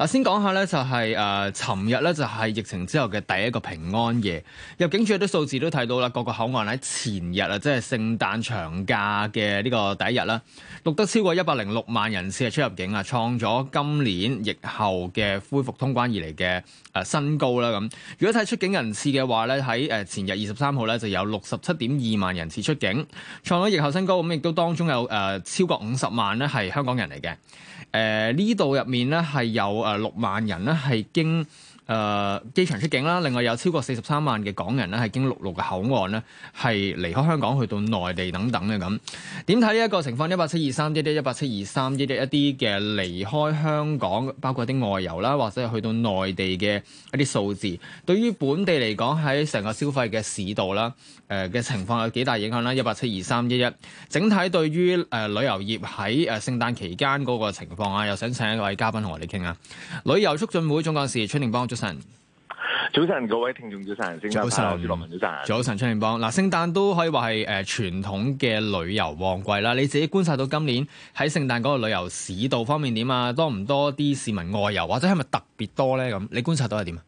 嗱，先講下咧，就係誒，尋日咧就係疫情之後嘅第一個平安夜入境處啲數字都睇到啦，各個口岸喺前日啊，即係聖誕長假嘅呢個第一日啦，錄得超過一百零六萬人次嘅出入境啊，創咗今年疫後嘅恢復通關以嚟嘅新高啦咁。如果睇出境人次嘅話咧，喺前日二十三號咧就有六十七點二萬人次出境，創咗疫後新高。咁亦都當中有誒超過五十萬咧係香港人嚟嘅。誒呢度入面呢，係有六萬人，呢係經，誒、uh, 機場出境啦，另外有超過四十三萬嘅港人呢，係經陸路嘅口岸呢，係離開香港去到內地等等咧，咁點睇呢一個情況？2, 11, 2, 11, 一八七二三一一一八七二三一一一啲嘅離開香港，包括啲外遊啦，或者係去到內地嘅一啲數字，對於本地嚟講喺成個消費嘅市道啦，誒、呃、嘅情況有幾大影響啦？一八七二三一一整體對於誒旅遊業喺誒聖誕期間嗰個情況啊，又想請一位嘉賓同我哋傾啊！旅遊促進會總幹事崔定邦我主早晨，早晨，各位聽眾，早晨，先生晨，早晨，祝落早晨，早晨，崔定邦。嗱，聖誕都可以話係誒傳統嘅旅遊旺季啦。你自己觀察到今年喺聖誕嗰個旅遊市道方面點啊？多唔多啲市民外遊，或者係咪特別多咧？咁你觀察到係點啊？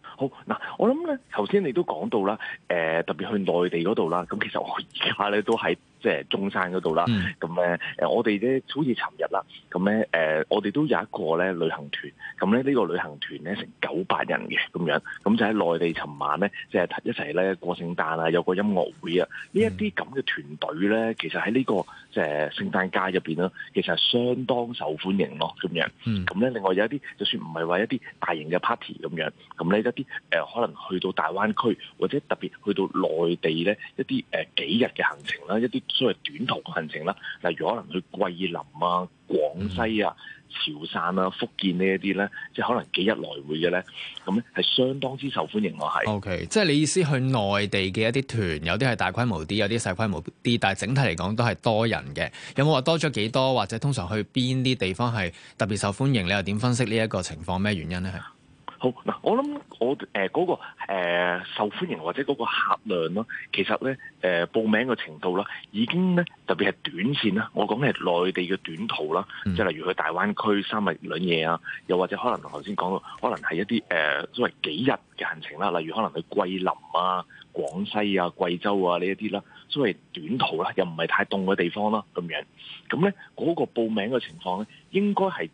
好嗱，我諗咧，頭先你都講到啦，誒、呃，特別去內地嗰度啦，咁其實我而家咧都係。即係中山嗰度啦，咁咧、嗯、我哋咧好似尋日啦，咁咧誒我哋都有一個咧旅行團，咁咧呢個旅行團咧成九百人嘅咁樣，咁就喺內地尋晚咧，即係一齊咧過聖誕啊，有個音樂會啊，呢一啲咁嘅團隊咧，其實喺呢個即係聖誕街入邊咧，其實係相當受歡迎咯，咁樣，咁咧、嗯、另外有一啲就算唔係話一啲大型嘅 party 咁樣，咁咧一啲誒可能去到大灣區或者特別去到內地咧一啲誒幾日嘅行程啦，一啲所謂短途行程啦，例如可能去桂林啊、廣西啊、潮汕啊、福建呢一啲咧，即可能幾日來回嘅咧，咁咧係相當之受歡迎，我係。OK，即係你意思去內地嘅一啲團，有啲係大規模啲，有啲細規模啲，但係整體嚟講都係多人嘅。有冇話多咗幾多？或者通常去邊啲地方係特別受歡迎？你又點分析呢一個情況？咩原因咧？好嗱，我諗我誒嗰、呃那個誒、呃、受歡迎或者嗰個客量咯，其實咧誒、呃、報名嘅程度啦，已經咧特別係短綫啦，我講嘅係內地嘅短途啦，即係例如去大灣區三日兩夜啊，又或者可能頭先講到，可能係一啲誒、呃、所謂幾日嘅行程啦，例如可能去桂林啊、廣西啊、貴州啊呢一啲啦，所謂短途啦，又唔係太凍嘅地方啦，咁樣，咁咧嗰個報名嘅情況咧，應該係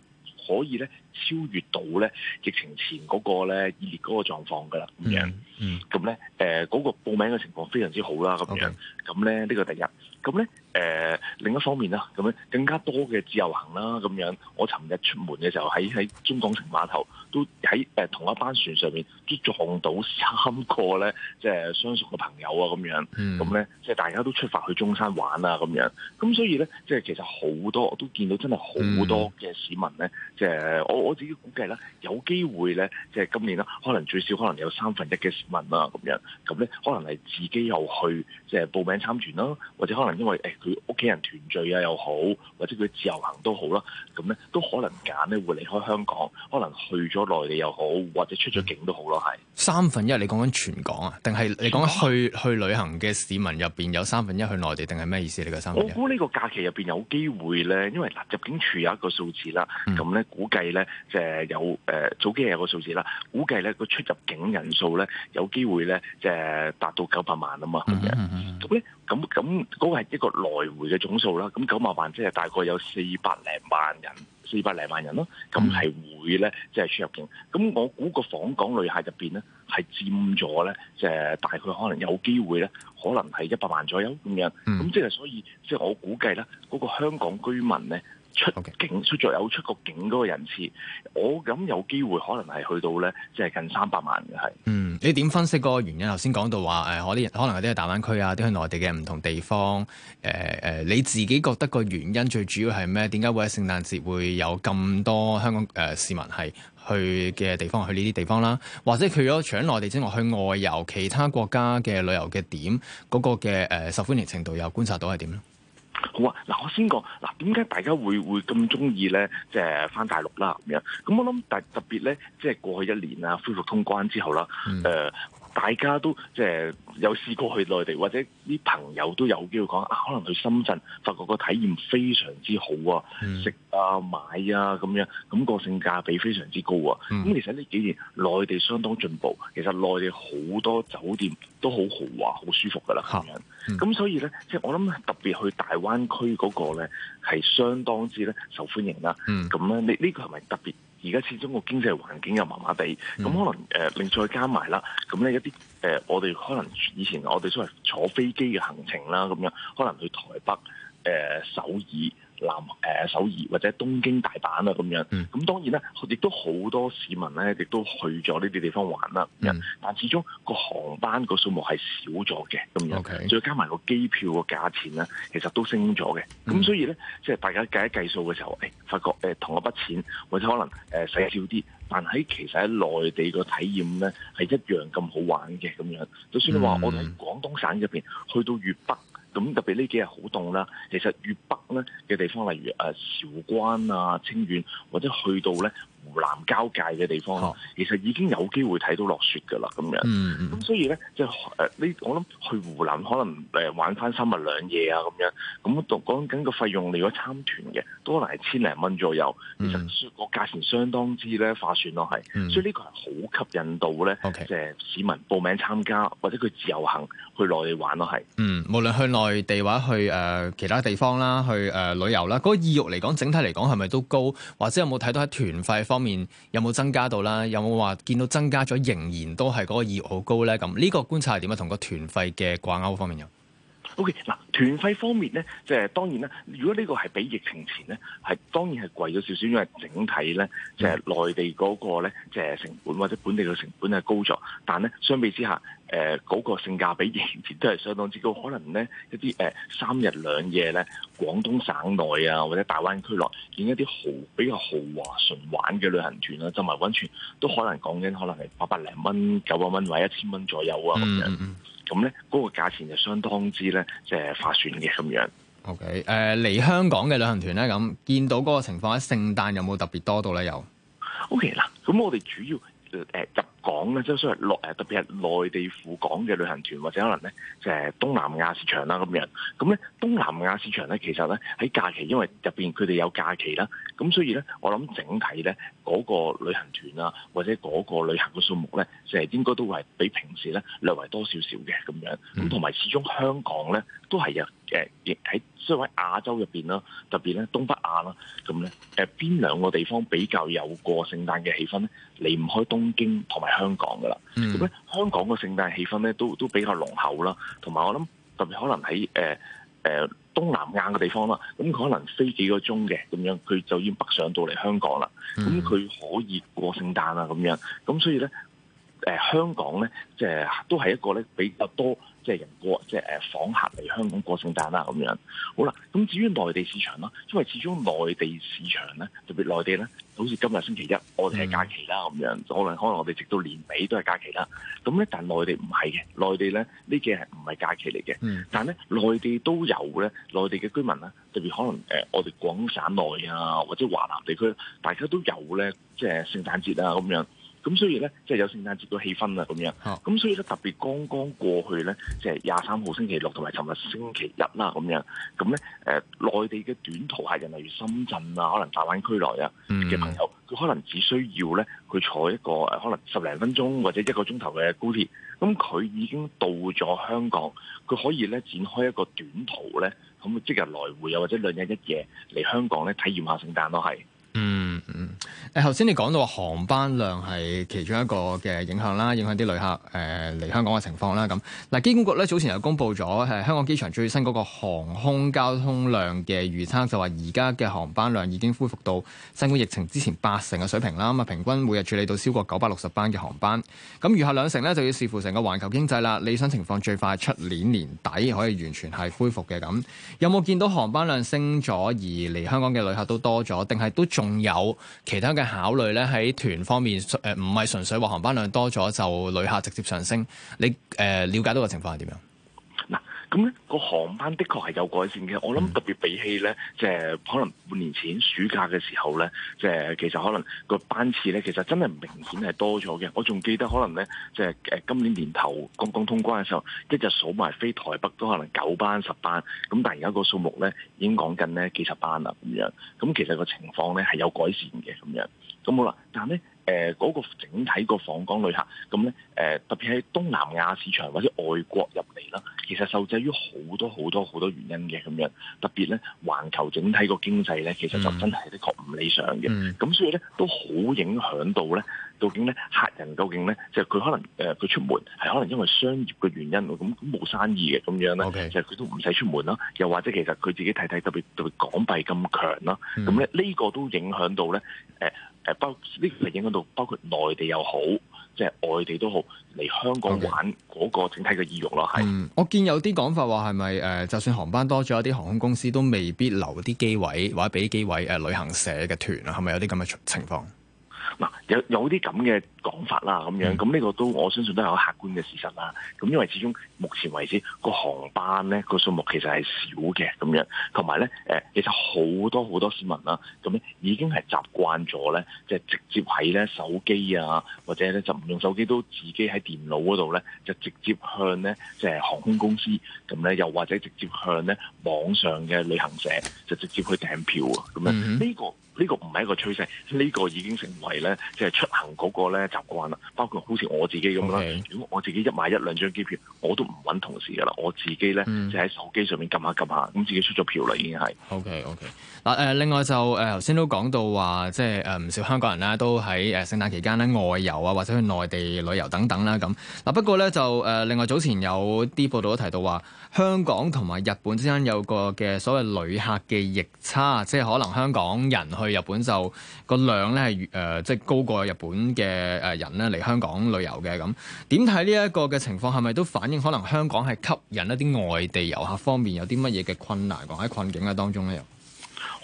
可以咧。超越到咧疫情前嗰個咧熱烈嗰個狀況噶啦，咁、mm hmm. 樣，咁咧誒嗰個報名嘅情況非常之好啦，咁 Okay. 樣，咁咧呢個第一，咁咧。誒、呃、另一方面啦，咁樣更加多嘅自由行啦，咁樣我尋日出門嘅時候喺喺中港城碼頭都喺誒、呃、同一班船上面都撞到三個咧，即係相熟嘅朋友啊，咁樣，咁咧即係大家都出發去中山玩啊，咁樣，咁所以咧，即係其實好多我都見到真係好多嘅市民咧，即係、嗯就是、我我自己估計咧，有機會咧，即、就、係、是、今年啦，可能最少可能有三分一嘅市民啦，咁樣，咁咧可能係自己又去即係、就是、報名參團啦，或者可能因為誒。欸佢屋企人團聚啊又好，或者佢自由行都好啦。咁咧都可能揀咧會離開香港，可能去咗內地又好，或者出咗境都好咯，係、嗯、三分一你講緊全港啊，定係你講去港去，去旅行嘅市民入邊有三分一去內地，定係咩意思？你個三分一？我估呢個假期入邊有機會咧，因為入境處有一個數字啦，咁咧、嗯、估計咧就係有誒、呃、早幾日有一個數字啦，估計咧個出入境人數咧有機會咧就係達到九百萬啊嘛，咁樣、嗯，咁咁咁嗰個係一個來回嘅總數啦，咁九百萬即係大概有四百零萬人，四百零萬人咯，咁係會咧，即係出入境。咁我估個訪港旅客入邊咧，係佔咗咧，即係大概可能有機會咧，可能係一百萬左右咁樣。咁即係所以，即係我估計咧，嗰個香港居民咧。出境 Okay. 出咗有出過境嗰個人次，我咁有機會可能係去到咧，即係近三百萬嘅係。嗯，你點分析個原因？頭先講到話誒、呃，可能可能有啲係大灣區啊，啲去內地嘅唔同地方誒誒、呃呃，你自己覺得個原因最主要係咩？點解會喺聖誕節會有咁多香港誒、呃、市民係去嘅地方，去呢啲地方啦，或者去咗除咗內地之外，去外遊其他國家嘅旅遊嘅點嗰、那個嘅誒、呃、受歡迎程度又觀察到係點咧？好啊，嗱我先講嗱，點解大家會會咁中意咧？即係翻大陸啦咁樣咁我諗，但係特別咧，即係過去一年啊，恢復通關之後啦，誒、嗯。呃大家都即係有試過去內地，或者啲朋友都有機會講啊，可能去深圳，發覺個體驗非常之好啊，嗯、食啊買啊咁樣，咁個性價比非常之高啊。咁、嗯、其實呢幾年內地相當進步，其實內地好多酒店都好豪華好舒服噶啦。咁、啊嗯、樣咁所以咧，即係我諗特別去大灣區嗰個咧，係相當之咧受歡迎啦。咁咧、嗯，你呢、這個係咪特別？而家始終個經濟環境又麻麻地，咁可能誒另、呃、再加埋啦，咁呢一啲誒、呃、我哋可能以前我哋所謂坐飛機嘅行程啦，咁樣可能去台北誒首爾。呃南誒、呃、首爾或者東京、大阪啊咁樣，咁、嗯、當然咧，亦都好多市民咧，亦都去咗呢啲地方玩啦。嗯、但始終個航班個數目係少咗嘅咁樣，再 Okay. 加埋個機票個價錢咧，其實都升咗嘅。咁、嗯、所以咧，即係大家計一計數嘅時候，誒、欸、發覺誒、呃、同一筆錢或者可能誒使、呃、少啲，但喺其實喺內地個體驗咧係一樣咁好玩嘅咁樣。就算你話我哋喺廣東省入邊去到粵北。咁特別呢幾日好凍啦，其實粵北咧嘅地方，例如誒韶關啊、清遠或者去到咧，湖南交界嘅地方，哦、其實已經有機會睇到落雪㗎啦，咁樣、嗯。咁、嗯、所以咧，即係誒呢，就是呃、我諗去湖南可能誒、呃、玩翻三日兩夜啊，咁樣。咁講緊個費用，如果參團嘅，多埋千零蚊左右，嗯、其實個價錢相當之咧划算咯，係。嗯、所以呢個係好吸引到咧，即係、嗯、市民報名參加或者佢自由行去內地玩咯，係。嗯，無論去內地或去誒、呃、其他地方啦，去誒、呃呃、旅遊啦，嗰、那個意欲嚟講，整體嚟講係咪都高？或者有冇睇到喺團費？方面有冇增加到啦？有冇話見到增加咗，仍然都係嗰個熱好高咧？咁呢個觀察係點啊？同個團費嘅掛鈎方面有？O K，嗱，okay, 團費方面咧，即係當然啦。如果呢個係比疫情前咧，係。當然係貴咗少少，因為整體咧，即係內地嗰個咧，即係成本或者本地嘅成本係高咗。但咧，相比之下，誒、那、嗰個性價比仍然都係相當之高。可能咧一啲誒三日兩夜咧，廣東省內啊，或者大灣區內，見一啲豪比較豪華純玩嘅旅行團啊，浸埋溫泉，都可能講緊可能係八百零蚊、九百蚊或者一千蚊左右啊。咁樣，咁咧嗰個價錢就相當之咧，即係划算嘅咁樣。O K，誒嚟香港嘅旅行團咧，咁見到嗰個情況喺聖誕有冇特、okay，呃、特別多到咧？有 O K 嗱，咁我哋主要誒入港咧，即係所謂內誒特別係內地赴港嘅旅行團，或者可能咧就係、是、東南亞市場啦咁樣。咁咧東南亞市場咧，其實咧喺假期，因為入邊佢哋有假期啦，咁所以咧我諗整體咧嗰、那個旅行團啊，或者嗰個旅行嘅數目咧，就、呃、係應該都會係比平時咧略為多少少嘅咁樣。咁同埋始終香港咧都係有。誒亦喺，所以喺亞洲入邊啦，特別咧東北亞啦，咁咧誒邊兩個地方比較有過聖誕嘅氣氛咧？離唔開東京同埋香港㗎啦。咁咧、嗯、香港嘅聖誕氣氛咧都都比較濃厚啦。同埋我諗特別可能喺誒誒東南亞嘅地方啦，咁可能飛幾個鐘嘅咁樣，佢就已經北上到嚟香港啦。咁佢、嗯、可以過聖誕啦咁樣。咁所以咧誒、呃、香港咧，即、就、係、是、都係一個咧比較多。即係人過，即係誒訪客嚟香港過聖誕啦咁樣。好啦，咁至於內地市場啦，因為始終內地市場咧，特別內地咧，好似今日星期一，我哋係假期啦咁樣。Mm.。可能可能我哋直到年尾都係假期啦。咁咧，但內地唔係嘅，內地咧呢幾日唔係假期嚟嘅。Mm. 但咧內地都有咧，內地嘅居民呢，特別可能我哋廣東省內啊，或者華南地區，大家都有咧，即係聖誕節啊咁樣。咁所以咧，即、就、係、是、有聖誕節嘅氣氛啦咁樣。咁、oh. 所以咧，特別剛剛過去咧，即係廿三號星期六同埋尋日星期日啦，咁樣。咁咧，誒、呃，內地嘅短途客人例如深圳啊，可能大灣區來啊嘅、mm. 朋友，佢可能只需要咧，佢坐一個誒，可能十零分鐘或者一個鐘頭嘅高鐵，咁佢已經到咗香港，佢可以咧展開一個短途咧，咁即日來回啊，或者兩日一夜嚟香港咧體驗下聖誕咯，係。誒，頭先你講到航班量係其中一個嘅影響啦，影響啲旅客誒嚟、呃、香港嘅情況啦。咁嗱，機管局咧早前又公布咗誒香港機場最新嗰個航空交通量嘅預測，就話而家嘅航班量已經恢復到新冠疫情之前八成嘅水平啦。咁啊，平均每日處理到超過九百六十班嘅航班。咁餘下兩成呢，就要視乎成個環球經濟啦。理想情況最快出年年底可以完全係恢復嘅。咁有冇見到航班量升咗而嚟香港嘅旅客都多咗？定係都仲有其他嘅？考慮咧喺團方面，誒，唔係純粹話航班量多咗就旅客直接上升。你、誒、呃、了解到嘅情況係點樣？咁咧個航班的確係有改善嘅，我諗特別比起咧，即係可能半年前暑假嘅時候咧，即係其實可能個班次咧，其實真係明顯係多咗嘅。我仲記得可能咧，即係今年年頭剛剛通關嘅時候，一日數埋飛台北都可能九班十班，咁但而家個數目咧已經講緊咧幾十班啦咁樣。咁其實個情況咧係有改善嘅咁樣。咁好啦，但係咧。誒嗰、呃那個整體個訪港旅客咁咧，誒、呃、特別喺東南亞市場或者外國入嚟啦，其實受制於好多好多好多原因嘅咁樣，特別咧，環球整體個經濟咧，其實就真係的確唔理想嘅。咁、嗯、所以咧，都好影響到咧，究竟咧客人究竟咧，就佢、係、可能誒佢、呃、出門係可能因為商業嘅原因，咁咁冇生意嘅咁樣咧，Okay. 就佢都唔使出門啦。又或者其實佢自己睇睇，特別特別港幣咁強啦，咁咧呢個都影響到咧，呃誒，包呢個影響到，包括內地又好，即係外地都好，嚟香港玩嗰個整體嘅意欲咯，係 Okay. 是、嗯。我見有啲講法話係咪誒，就算航班多咗，一啲航空公司都未必留啲機位，或者俾機位誒、呃呃、旅行社嘅團啊，係咪有啲咁嘅情情況？嗱、啊。有有啲咁嘅講法啦，咁樣咁呢個都我相信都有客觀嘅事實啦。咁因為始終目前為止個航班咧個數目其實係少嘅，咁樣，同埋咧誒，其實好多好多市民啦，咁咧已經係習慣咗咧，即係直接喺咧手機啊，或者咧就唔用手機都自己喺電腦嗰度咧，就直接向咧即係航空公司，咁咧又或者直接向咧網上嘅旅行社就直接去訂票啊。咁樣呢個呢個唔係一個趨勢，呢個已經成為咧。出行嗰個咧習慣啦，包括好似我自己咁啦。Okay. 如果我自己一買一兩張機票，我都唔揾同事噶啦，我自己咧、嗯、就喺手機上面撳下撳下，咁自己出咗票啦，已經係。OK OK 嗱，誒，另外就誒頭先都講到話，即係誒唔少香港人啦，都喺誒聖誕期間咧外遊啊，或者去內地旅遊等等啦咁。嗱，不過咧就誒另外早前有啲報道都提到話，香港同埋日本之間有個嘅所謂旅客嘅逆差，即係可能香港人去日本就個量咧係誒即係高過日本嘅誒人咧嚟香港旅遊嘅咁，點睇呢一個嘅情況係咪都反映可能香港係吸引一啲外地遊客方面有啲乜嘢嘅困難？講喺困境嘅當中呢，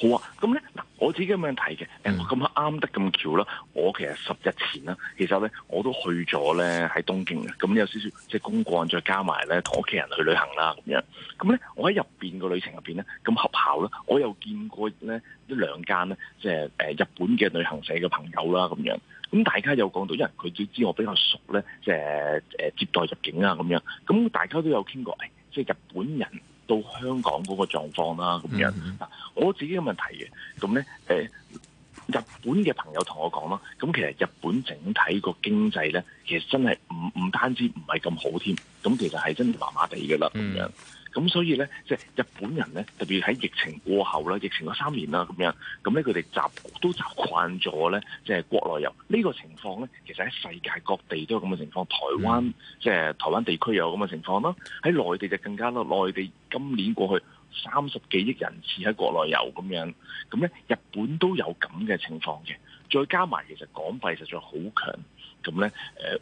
又好啊，咁咧。我自己咁樣睇嘅，誒、嗯，咁啱得咁巧啦，我其實十日前啦，其實咧我都去咗咧喺東京嘅，咁有少少即係公幹，再加埋咧同屋企人去旅行啦咁樣，咁咧我喺入面個旅程入面咧，咁合校咧，我又見過咧一兩間咧，即係誒日本嘅旅行社嘅朋友啦咁樣，咁大家有講到，因為佢都知我比較熟咧，即係誒接待入境啊咁樣，咁大家都有傾過，誒、哎，即係日本人。到香港嗰個狀況啦，咁樣嗱，mm hmm. 我自己嘅問題嘅，咁咧誒，日本嘅朋友同我講啦，咁其實日本整體個經濟咧，其實真係唔唔單止唔係咁好添，咁其實係真係麻麻地㗎啦，咁樣、mm hmm. 咁所以咧，即係日本人咧，特別喺疫情過後啦，疫情嗰三年啦，咁樣，咁咧佢哋習都習慣咗咧，即係國內遊呢個情況咧，其實喺世界各地都有咁嘅情況，台灣即係台灣地區有咁嘅情況啦，喺內地就更加咯，內地今年過去三十幾億人次喺國內遊咁樣，咁咧日本都有咁嘅情況嘅，再加埋其實港幣實在好強，咁咧誒。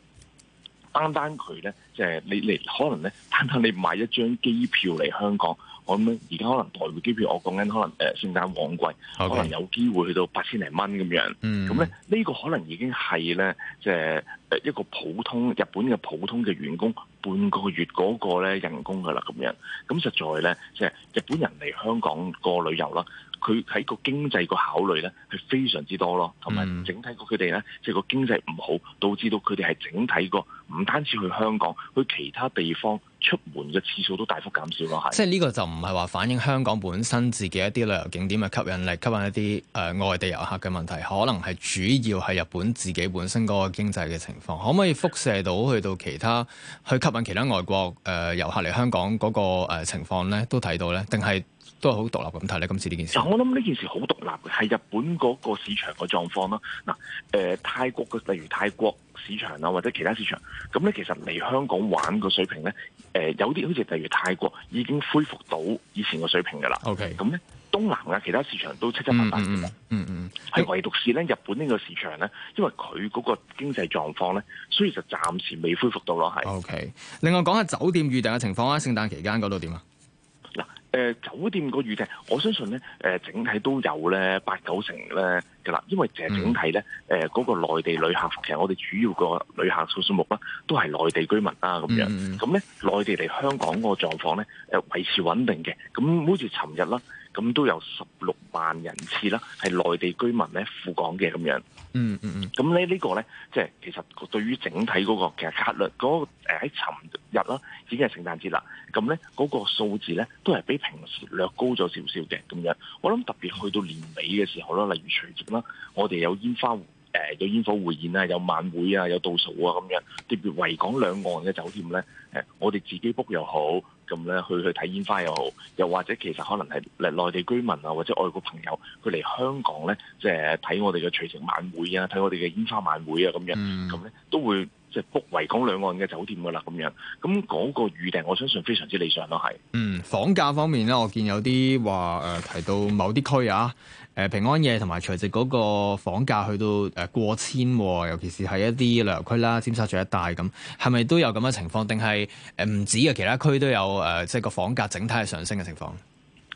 單單佢咧，即係你你可能咧，單單你買一張機票嚟香港，我諗而家可能台幣機票，我講緊可能誒聖誕旺季，Okay. 可能有機會去到八千零蚊咁樣。咁咧呢個可能已經係咧，即係一個普通日本嘅普通嘅員工半個月嗰個咧人工嘅啦咁樣。咁實在咧，即係日本人嚟香港過旅遊啦。佢喺個經濟個考慮咧，係非常之多咯，同埋整體過佢哋咧，即係個經濟唔好，導致到佢哋係整體個唔單止去香港，去其他地方出門嘅次數都大幅減少咯，係。即係呢個就唔係話反映香港本身自己一啲旅遊景點嘅吸引力，吸引一啲誒、呃、外地遊客嘅問題，可能係主要係日本自己本身嗰個經濟嘅情況，可唔可以輻射到去到其他，去吸引其他外國誒遊、呃、客嚟香港嗰、那個、呃、情況咧，都睇到咧，定係？都係好獨立咁睇咧，今次呢件事。我諗呢件事好獨立嘅，係日本嗰個市場嘅狀況啦。嗱、呃，泰國嘅，例如泰國市場啊，或者其他市場，咁咧其實嚟香港玩個水平咧，誒、呃、有啲好似例如泰國已經恢復到以前個水平㗎啦。OK，咁咧東南亞其他市場都七七八八，嗯嗯，嗯，嗯嗯嗯嗯、唯獨是咧日本呢個市場咧，因為佢嗰個經濟狀況咧，所以就暫時未恢復到咯，係。OK，另外講下酒店預訂嘅情況啊，聖誕期間嗰度點啊？誒，酒店個預訂，我相信咧誒，整體都有咧八九成咧㗎啦，因為淨係整體咧誒，嗰個內地旅客，其實我哋主要個旅客數數目啦，都係內地居民啦。咁、嗯、樣，咁咧內地嚟香港個狀況咧誒，維持穩定嘅，咁好似尋日啦。咁都有十六萬人次啦，係內地居民咧赴港嘅咁樣。嗯嗯嗯。咁、嗯、咧呢個咧，即係其實對於整體嗰、嗰個嘅策略嗰誒喺尋日啦，已經係聖誕節啦。咁咧嗰個數字咧都係比平時略高咗少少嘅咁樣。我諗特別去到年尾嘅時候啦，例如除夕啦，我哋有煙花誒、呃、有煙火匯演啊，有晚會啊，有倒數啊咁樣。特別維港兩岸嘅酒店咧、呃，我哋自己 book 又好。咁咧去去睇煙花又好，又或者其實可能係內地居民啊，或者外國朋友，佢嚟香港咧，即係睇我哋嘅除夕晚會啊，睇我哋嘅煙花晚會啊，咁樣，咁咧都會即係 book 維港兩岸嘅酒店噶啦，咁樣，咁、那、嗰個預訂我相信非常之理想咯，係。嗯，房價方面咧，我見有啲話、呃、提到某啲區啊。誒平安夜同埋除夕嗰個房價去到誒過千喎，尤其是係一啲旅遊區啦、尖沙咀一帶咁，係咪都有咁嘅情況？定係誒唔止啊？其他區都有誒，即係個房價整體係上升嘅情況。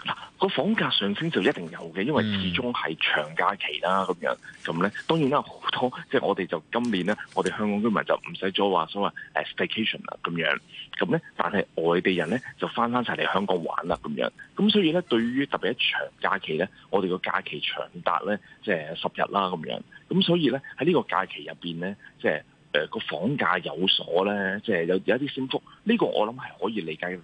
嗱，個房價上升就一定有嘅，因為始終係長假期啦，咁、嗯、樣咁咧。當然啦，好多即係我哋就今年咧，我哋香港居民就唔使再話所謂誒 staycation 啦，咁樣。咁咧，但係外地人咧就翻翻晒嚟香港玩啦，咁樣。咁所以咧，對於特別一長假期咧，我哋、就是、個假期長達咧，即係十日啦，咁、呃、樣。咁所以咧，喺呢個假期入面咧，即係誒個房價有所咧，即係有有一啲升幅。呢、這個我諗係可以理解嘅。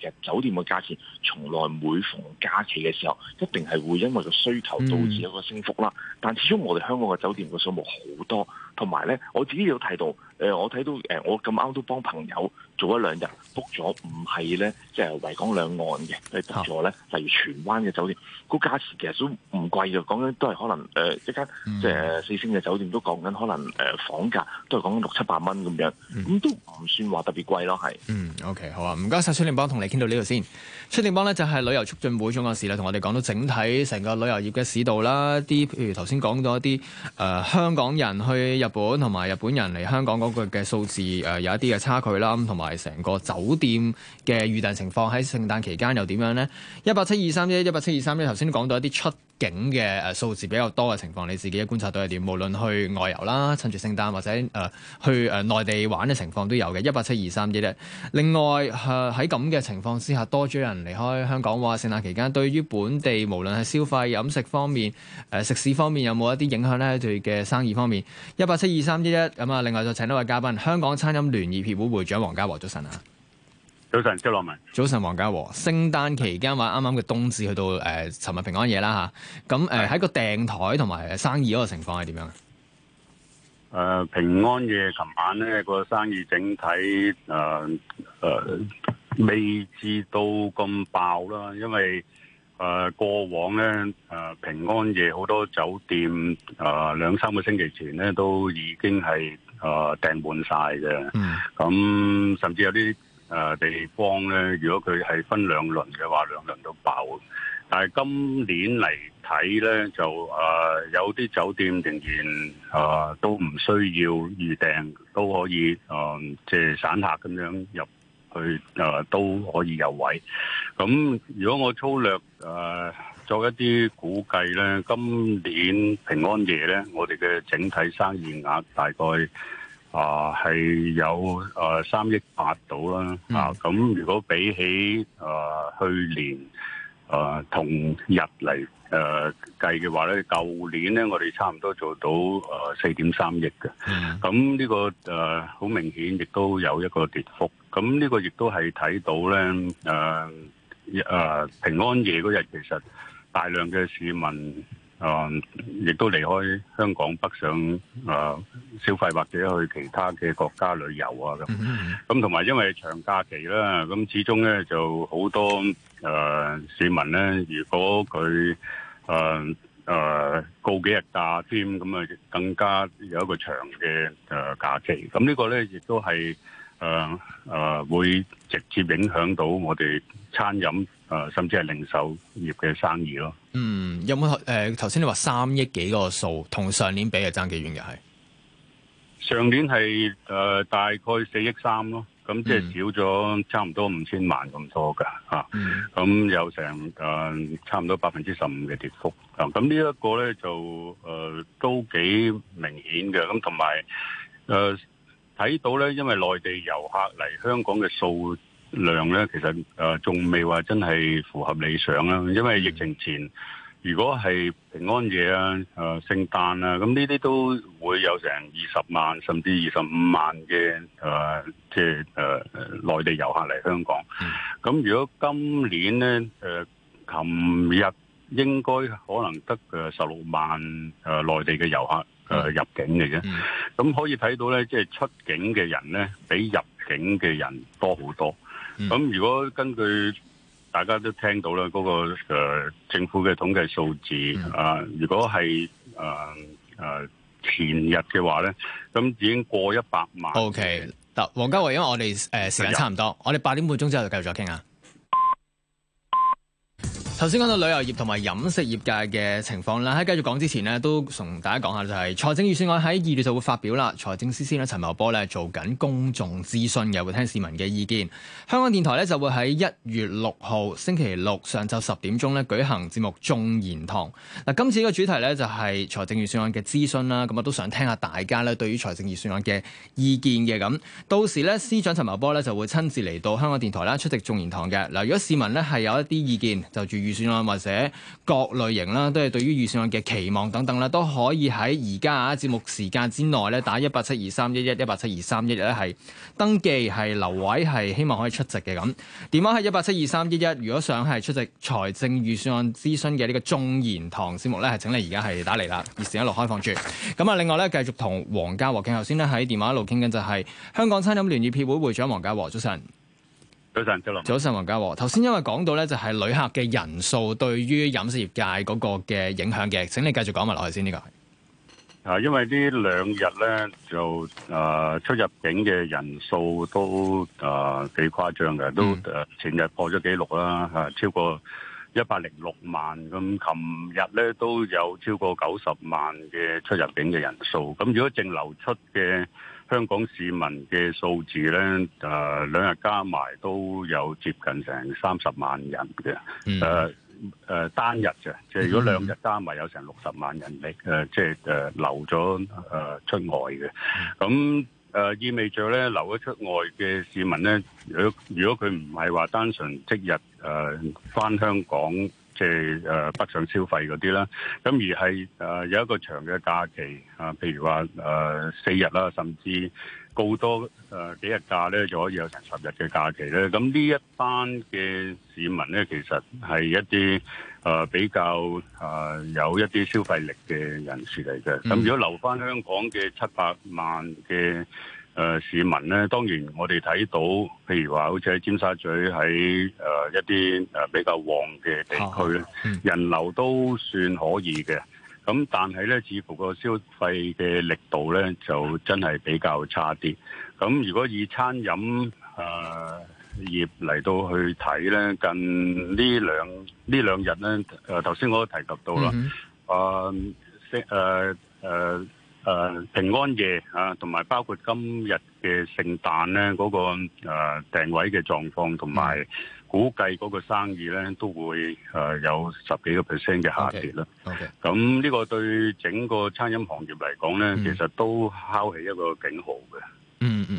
其實酒店嘅價錢從來每逢假期嘅時候，一定係會因為個需求導致一個升幅啦。嗯、但始終我哋香港嘅酒店嘅數目好多，同埋咧，我自己要睇到。呃、我睇到、呃、我咁啱都幫朋友做一兩日 book 咗，唔係咧，即係維港兩岸嘅即 b 咗咧，啊、例如荃灣嘅酒店，個價錢其實都唔貴嘅，講緊都係可能、呃、一間、嗯、即係四星嘅酒店都講緊可能、呃、房價都係講緊六七百蚊咁樣，咁、嗯、都唔算話特別貴咯，係。嗯，OK，好啊，唔該晒。崔定邦同你傾到呢度先。崔定邦咧就係旅遊促進會總幹事啦，同我哋講到整體成個旅遊業嘅市道啦，啲譬如頭先講到一啲、呃、香港人去日本同埋日本人嚟香港嗰。個嘅數字誒、呃、有一啲嘅差距啦，同埋成個酒店嘅預訂情況喺聖誕期間又點樣呢？一八七二三一，一八七二三一，頭先講到一啲出。景嘅誒數字比較多嘅情況，你自己嘅觀察到係點？無論去外遊啦，趁住聖誕或者去誒內地玩嘅情況都有嘅一八七二三一一。另外喺咁嘅情況之下，多咗人離開香港，話聖誕期間對於本地無論係消費飲食方面食肆方面有冇一啲影響呢？佢嘅生意方面一八七二三一一咁啊。另外再請一位嘉賓，香港餐飲聯業協會會長黃家和早晨啊。早晨，周樂文。早晨，黃家和。聖誕期間，話啱啱嘅冬至去到誒，尋、呃、日平安夜啦吓。咁誒喺個訂台同埋生意嗰個情況係點樣？誒、呃，平安夜琴晚咧，那個生意整體誒誒、呃呃，未至到咁爆啦。因為誒、呃、過往咧誒、呃、平安夜好多酒店誒兩、呃、三個星期前咧都已經係誒訂滿晒嘅。咁、呃嗯嗯、甚至有啲。誒、啊，地方呢，如果佢係分兩輪嘅話，兩輪都爆。但係今年嚟睇呢，就誒、啊、有啲酒店仍然誒、啊、都唔需要預訂，都可以誒即係散客咁樣入去誒、啊、都可以有位。咁如果我粗略誒、啊、作一啲估計呢，今年平安夜呢，我哋嘅整體生意額大概。啊，係有啊三億八度啦，啊咁如果比起誒、呃、去年誒、呃、同日嚟誒計嘅話咧，舊年咧我哋差唔多做到誒四點三億嘅，咁、呃、呢、嗯呢個誒好、呃、明顯亦都有一個跌幅，咁呢個亦都係睇到咧誒誒平安夜嗰日其實大量嘅市民。啊！亦、嗯、都離開香港北上啊，消、呃、費或者去其他嘅國家旅遊啊咁。咁同埋因為長假期啦，咁始終咧就好多啊、呃、市民咧，如果佢啊啊告幾日假添，咁啊更加有一個長嘅啊、呃、假期。咁呢個咧亦都係啊啊會直接影響到我哋餐飲啊、呃，甚至係零售業嘅生意咯、啊。嗯。有冇誒？頭先你話三億幾個數，同上年比係爭幾遠嘅係？上年係誒大概四億三咯，咁即係少咗差唔多五千萬咁多㗎吓。咁有成誒差唔多百分之十五嘅跌幅啊！咁呢一個咧就誒都幾明顯嘅。咁同埋誒睇到咧，因為內地遊客嚟香港嘅數量咧，其實誒仲未話真係符合理想啦，因為疫情前。如果係平安夜啊、誒、呃、聖誕啊，咁呢啲都會有成二十萬甚至二十五萬嘅誒，即係誒內地遊客嚟香港。咁、嗯、如果今年呢，誒琴日應該可能得個十六萬誒、呃、內地嘅遊客、呃、入境嚟嘅。咁、嗯、可以睇到呢，即、就、係、是、出境嘅人呢比入境嘅人多好多。咁如果根據大家都聽到啦，嗰、那個政府嘅統計數字、嗯、啊，如果係誒、呃呃、前日嘅話咧，咁已經過一百萬。O K，嗱，黃家和，因為我哋誒時間差唔多，的我哋八點半鐘之後就繼續再傾下。頭先講到旅遊業同埋飲食業界嘅情況啦，喺繼續講之前咧，都同大家講下就係、是、財政預算案喺二月就會發表啦。財政司司長陳茂波咧做緊公眾諮詢嘅，會聽市民嘅意見。香港電台咧就會喺一月六號星期六上晝十點鐘咧舉行節目眾言堂。嗱，今次呢個主題咧就係財政預算案嘅諮詢啦，咁啊都想聽下大家咧對於財政預算案嘅意見嘅。咁到時咧司長陳茂波咧就會親自嚟到香港電台啦出席眾言堂嘅。嗱，如果市民咧係有一啲意見，就住。預算案或者各類型啦，都係對於預算案嘅期望等等啦，都可以喺而家啊節目時間之內咧打一八七二三一一一八七二三一一咧係登記係留位係希望可以出席嘅咁電話係一八七二三一一，如果想係出席財政預算案諮詢嘅呢個眾言堂節目咧，係請你而家係打嚟啦，熱線一路開放住。咁啊，另外咧繼續同黃家和傾，頭先咧喺電話一路傾緊就係香港餐飲聯業協會會長黃家和早晨。早晨，早晨。早晨，黃家和。頭先因為講到咧，就係旅客嘅人數對於飲食業界嗰個嘅影響嘅。請你繼續講埋落去先。呢個係啊，因為呢兩日咧就啊出入境嘅人數都啊幾誇張嘅，都誒前日破咗紀錄啦，嚇超過一百零六萬。咁琴日咧都有超過九十萬嘅出入境嘅人數。咁如果淨流出嘅香港市民嘅數字咧，誒、呃、兩日加埋都有接近成三十萬人嘅，誒、呃、誒、呃、單日嘅，即、就、係、是、如果兩日加埋有成六十萬人力，即係留咗誒出外嘅，咁誒、呃、意味着咧留咗出外嘅市民咧，如果如果佢唔係話單純即日誒返、呃、香港。即係誒北上消費嗰啲啦，咁而係誒有一個長嘅假期啊，譬如話誒四日啦，甚至高多誒幾日假咧，就可以有成十日嘅假期咧。咁呢一班嘅市民咧，其實係一啲誒比較誒有一啲消費力嘅人士嚟嘅。咁如果留翻香港嘅七百萬嘅。呃、市民咧，當然我哋睇到，譬如話，好似喺尖沙咀喺、呃、一啲比較旺嘅地區咧，啊嗯、人流都算可以嘅。咁但係咧，似乎個消費嘅力度咧，就真係比較差啲。咁如果以餐飲誒、呃、業嚟到去睇咧，近呢兩呢兩日咧，呃、頭先我都提及到啦，嗯哼呃誒、uh, 平安夜啊，同埋包括今日嘅聖誕咧，嗰、那個誒、啊、訂位嘅狀況同埋估計嗰個生意咧，都會誒、啊、有十幾個 percent 嘅下跌啦。咁呢 Okay. Okay. 個對整個餐飲行業嚟講咧，其實都敲起一個警號嘅。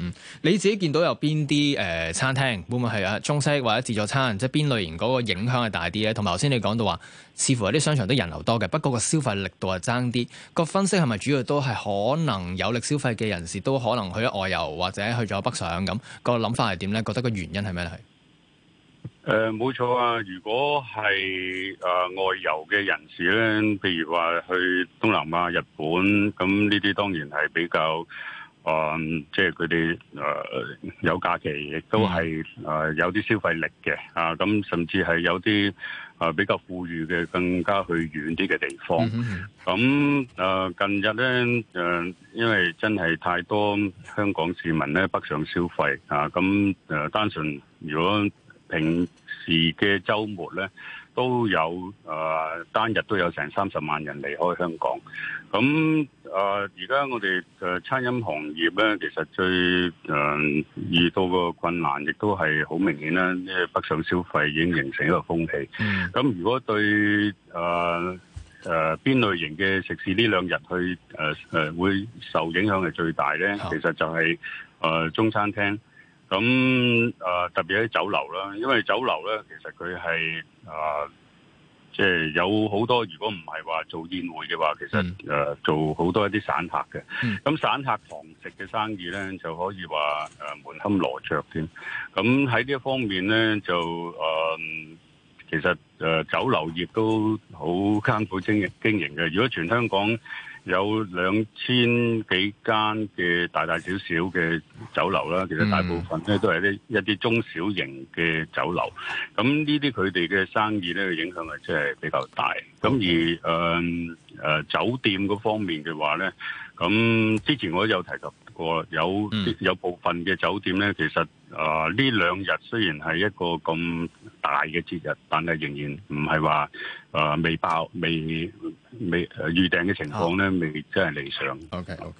嗯、你自己見到有邊啲誒餐廳？會唔會係啊中式或者自助餐？即係邊類型嗰個影響係大啲咧？同埋頭先你講到話，似乎有啲商場都人流多嘅，不過個消費力度係爭啲。個分析係咪主要都係可能有力消費嘅人士都可能去咗外遊或者去咗北上咁？個諗法係點咧？覺得個原因係咩咧？係誒冇錯啊！如果係誒、呃、外遊嘅人士咧，譬如話去東南亞、日本，咁呢啲當然係比較。啊、嗯，即係佢哋，誒、呃、有假期是，亦都係誒有啲消費力嘅，啊咁甚至係有啲啊、呃、比較富裕嘅，更加去遠啲嘅地方。咁誒、嗯嗯嗯嗯、近日咧誒、呃，因為真係太多香港市民咧北上消費啊，咁、呃、誒單純如果平時嘅週末咧都有誒、呃、單日都有成三十萬人離開香港。咁啊，而家、呃、我哋誒、呃、餐飲行業咧，其實最誒遇到個困難，亦都係好明顯啦。即係北上消費已經形成一個風氣。咁、嗯、如果對誒誒邊類型嘅食肆呢兩日去誒誒、呃、會受影響係最大咧，嗯、其實就係、是、誒、呃、中餐廳。咁啊、呃，特別喺酒樓啦，因為酒樓咧，其實佢係啊。呃即係有好多，如果唔係話做宴會嘅話，其實誒、嗯呃、做好多一啲散客嘅。咁、嗯、散客堂食嘅生意呢，就可以話誒、呃、門可羅雀添。咁喺呢一方面呢，就誒、呃、其實誒、呃、酒樓業都好艱苦經營經營嘅。如果全香港，有兩千幾間嘅大大小小嘅酒樓啦，其實大部分咧都係一啲一啲中小型嘅酒樓，咁呢啲佢哋嘅生意咧，影響係真係比較大。咁而誒、呃呃、酒店嗰方面嘅話咧，咁之前我都有提及過，有有部分嘅酒店咧，其實。啊！呢兩日雖然係一個咁大嘅節日，但係仍然唔係話誒未爆、未未預訂嘅情況咧，未、啊、真係理想。OK OK、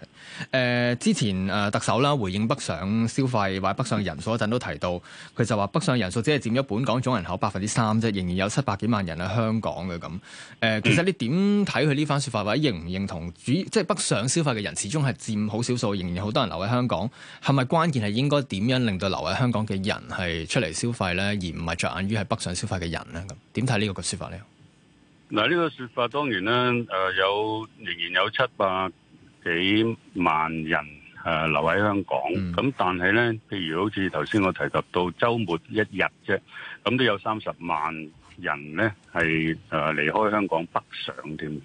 呃。誒之前誒、呃、特首啦回應北上消費或者北上人數嗰陣都提到，佢就話北上人數只係佔咗本港總人口百分之三啫，仍然有七百幾萬人喺香港嘅咁。誒、呃、其實你點睇佢呢番説法？或者認唔認同主？主即係北上消費嘅人，始終係佔好少數，仍然好多人留喺香港，係咪關鍵係應該點樣令到留留喺香港嘅人係出嚟消費咧，而唔係着眼於係北上消費嘅人咧。咁點睇呢個嘅説法咧？嗱，呢個説法當然咧，誒、呃、有仍然有七百幾萬人誒、呃、留喺香港。咁、嗯、但係咧，譬如好似頭先我提及到週末一日啫，咁都有三十萬。人呢係誒、呃、離開香港北上添，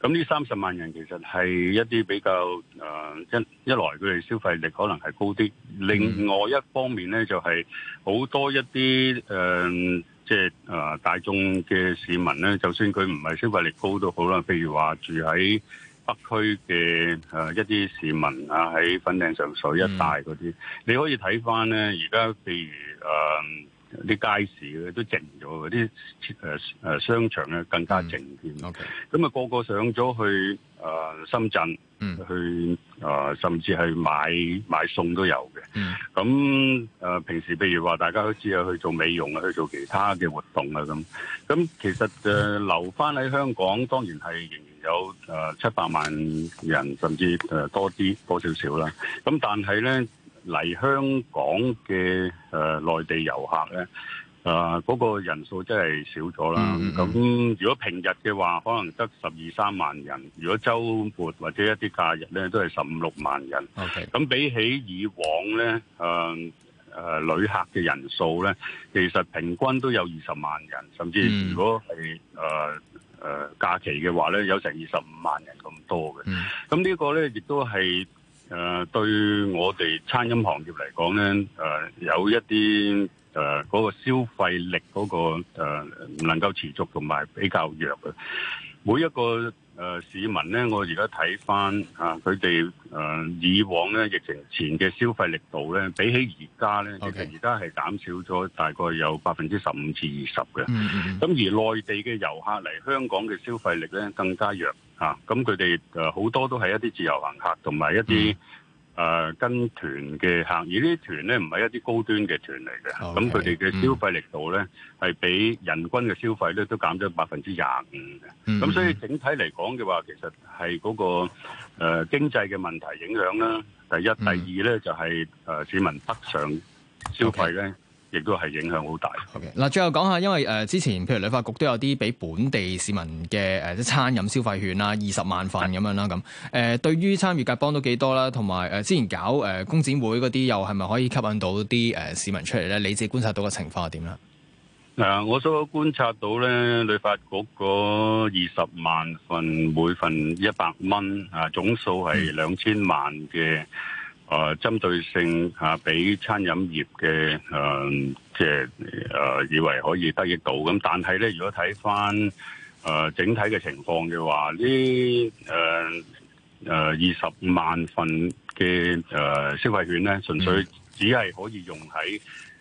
咁呢三十萬人其實係一啲比較誒一、呃、一來佢哋消費力可能係高啲，另外一方面呢，就係、是、好多一啲誒即係誒大眾嘅市民呢，就算佢唔係消費力高都好啦，譬如話住喺北區嘅誒、呃、一啲市民啊，喺粉嶺上水一帶嗰啲，嗯、你可以睇翻呢，而家譬如誒。呃啲街市咧都靜咗，啲誒誒商場咧更加靜添。咁啊、mm. Okay. 個個上咗去啊、呃、深圳，mm. 去啊、呃、甚至係買買餸都有嘅。咁誒、mm. 呃、平時譬如話，大家都知有去做美容啊，去做其他嘅活動啊咁。咁其實誒、呃、留返喺香港，當然係仍然有誒七百萬人，甚至誒、呃、多啲多少少啦。咁但係咧。嚟香港嘅誒內地遊客咧，誒、呃、嗰、那個人數真係少咗啦。咁、mm hmm. 嗯、如果平日嘅話，可能得十二三萬人；如果周末或者一啲假日咧，都係十五六萬人。咁 Okay.、嗯嗯、比起以往咧，誒、呃、誒、呃呃、旅客嘅人數咧，其實平均都有二十萬人，甚至如果係誒誒假期嘅話咧，有成二十五萬人咁多嘅。咁、mm hmm. 嗯這個、呢個咧亦都係。誒對我哋餐飲行業嚟講咧，誒、呃、有一啲誒嗰個消費力嗰、嗰個唔、呃、能夠持續同埋比較弱嘅。每一個誒、呃、市民咧，我而家睇返吓佢哋誒以往咧疫情前嘅消費力度咧，比起而家咧，Okay. 其實而家係減少咗大概有百分之十五至二十嘅。咁、mm hmm. 而內地嘅遊客嚟香港嘅消費力咧，更加弱。啊，咁佢哋誒好多都係一啲自由行客，同埋一啲誒、嗯呃、跟團嘅客，而呢啲團咧唔係一啲高端嘅團嚟嘅，咁佢哋嘅消費力度咧係、嗯、比人均嘅消費咧都減咗百分之廿五嘅，咁、嗯啊、所以整體嚟講嘅話，其實係嗰、那個誒、呃、經濟嘅問題影響啦，第一、嗯、第二咧就係、是、誒、呃、市民北上消費咧。Okay. 亦都係影響好大。嗱，okay, 最後講下，因為誒之前，譬如旅發局都有啲俾本地市民嘅誒餐飲消費券啦，二十萬份咁、嗯、樣啦，咁、呃、誒對於參與嘅幫到幾多啦，同埋誒之前搞誒工展會嗰啲，又係咪可以吸引到啲誒市民出嚟咧？你自己觀察到嘅情況係點咧？嗱、呃，我所觀察到咧，旅發局嗰二十萬份，每份一百蚊，啊總數係兩千萬嘅。嗯誒，針對性嚇俾餐飲業嘅誒，即係誒以為可以得益到咁，但係咧，如果睇翻誒整體嘅情況嘅話，呢誒二十萬份嘅誒、呃、消費券咧，純粹只係可以用喺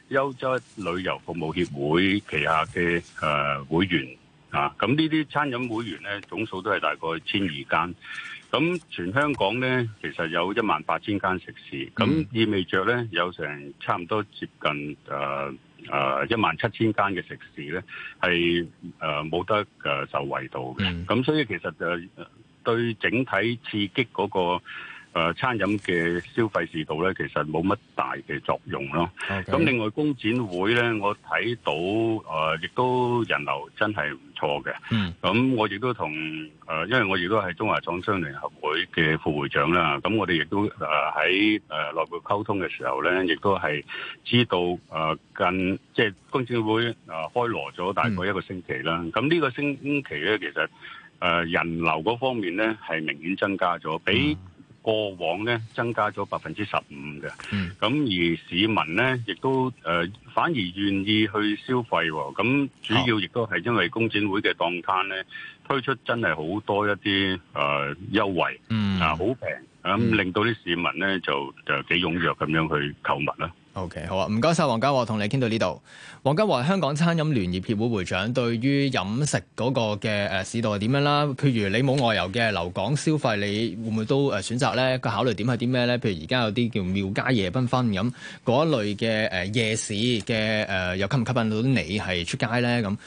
優質旅遊服務協會旗下嘅誒、呃、會員啊，咁呢啲餐飲會員咧總數都係大概千二間。咁全香港呢，其實有一萬八千間食肆，咁意味着呢，有成差唔多接近誒誒一萬七千間嘅食肆呢，係誒冇得誒、呃、受惠到嘅。咁、嗯、所以其實就對整體刺激嗰、嗰個。誒、啊、餐飲嘅消費市道咧，其實冇乜大嘅作用咯。咁 Okay. 另外工展會咧，我睇到誒亦、啊、都人流真係唔錯嘅。咁、mm. 啊、我亦都同誒、啊，因為我亦都係中華廠商聯合會嘅副會長啦。咁我哋亦都誒喺誒內部溝通嘅時候咧，亦都係知道誒、啊、近即係工展會誒開鑼咗大概一個星期啦。咁呢、mm. 啊這個星期咧，其實誒、啊、人流嗰方面咧係明顯增加咗，比、mm. 過往咧增加咗百分之十五嘅，咁、嗯、而市民咧亦都誒、呃、反而願意去消費喎，咁、哦、主要亦都係因為工展會嘅檔攤咧推出真係好多一啲誒、呃、優惠，嗯、啊好平，咁令到啲市民咧就就幾踴躍咁樣去購物啦。OK，好啊，唔該晒，黃家和，同你傾到呢度。黃家和香港餐飲聯業協會會長，對於飲食嗰個嘅誒市道係點樣啦？譬如你冇外遊嘅留港消費，你會唔會都誒選擇咧？個考慮點係啲咩咧？譬如而家有啲叫廟街夜繽紛咁嗰一類嘅誒夜市嘅誒，有吸唔吸引到你係出街咧咁？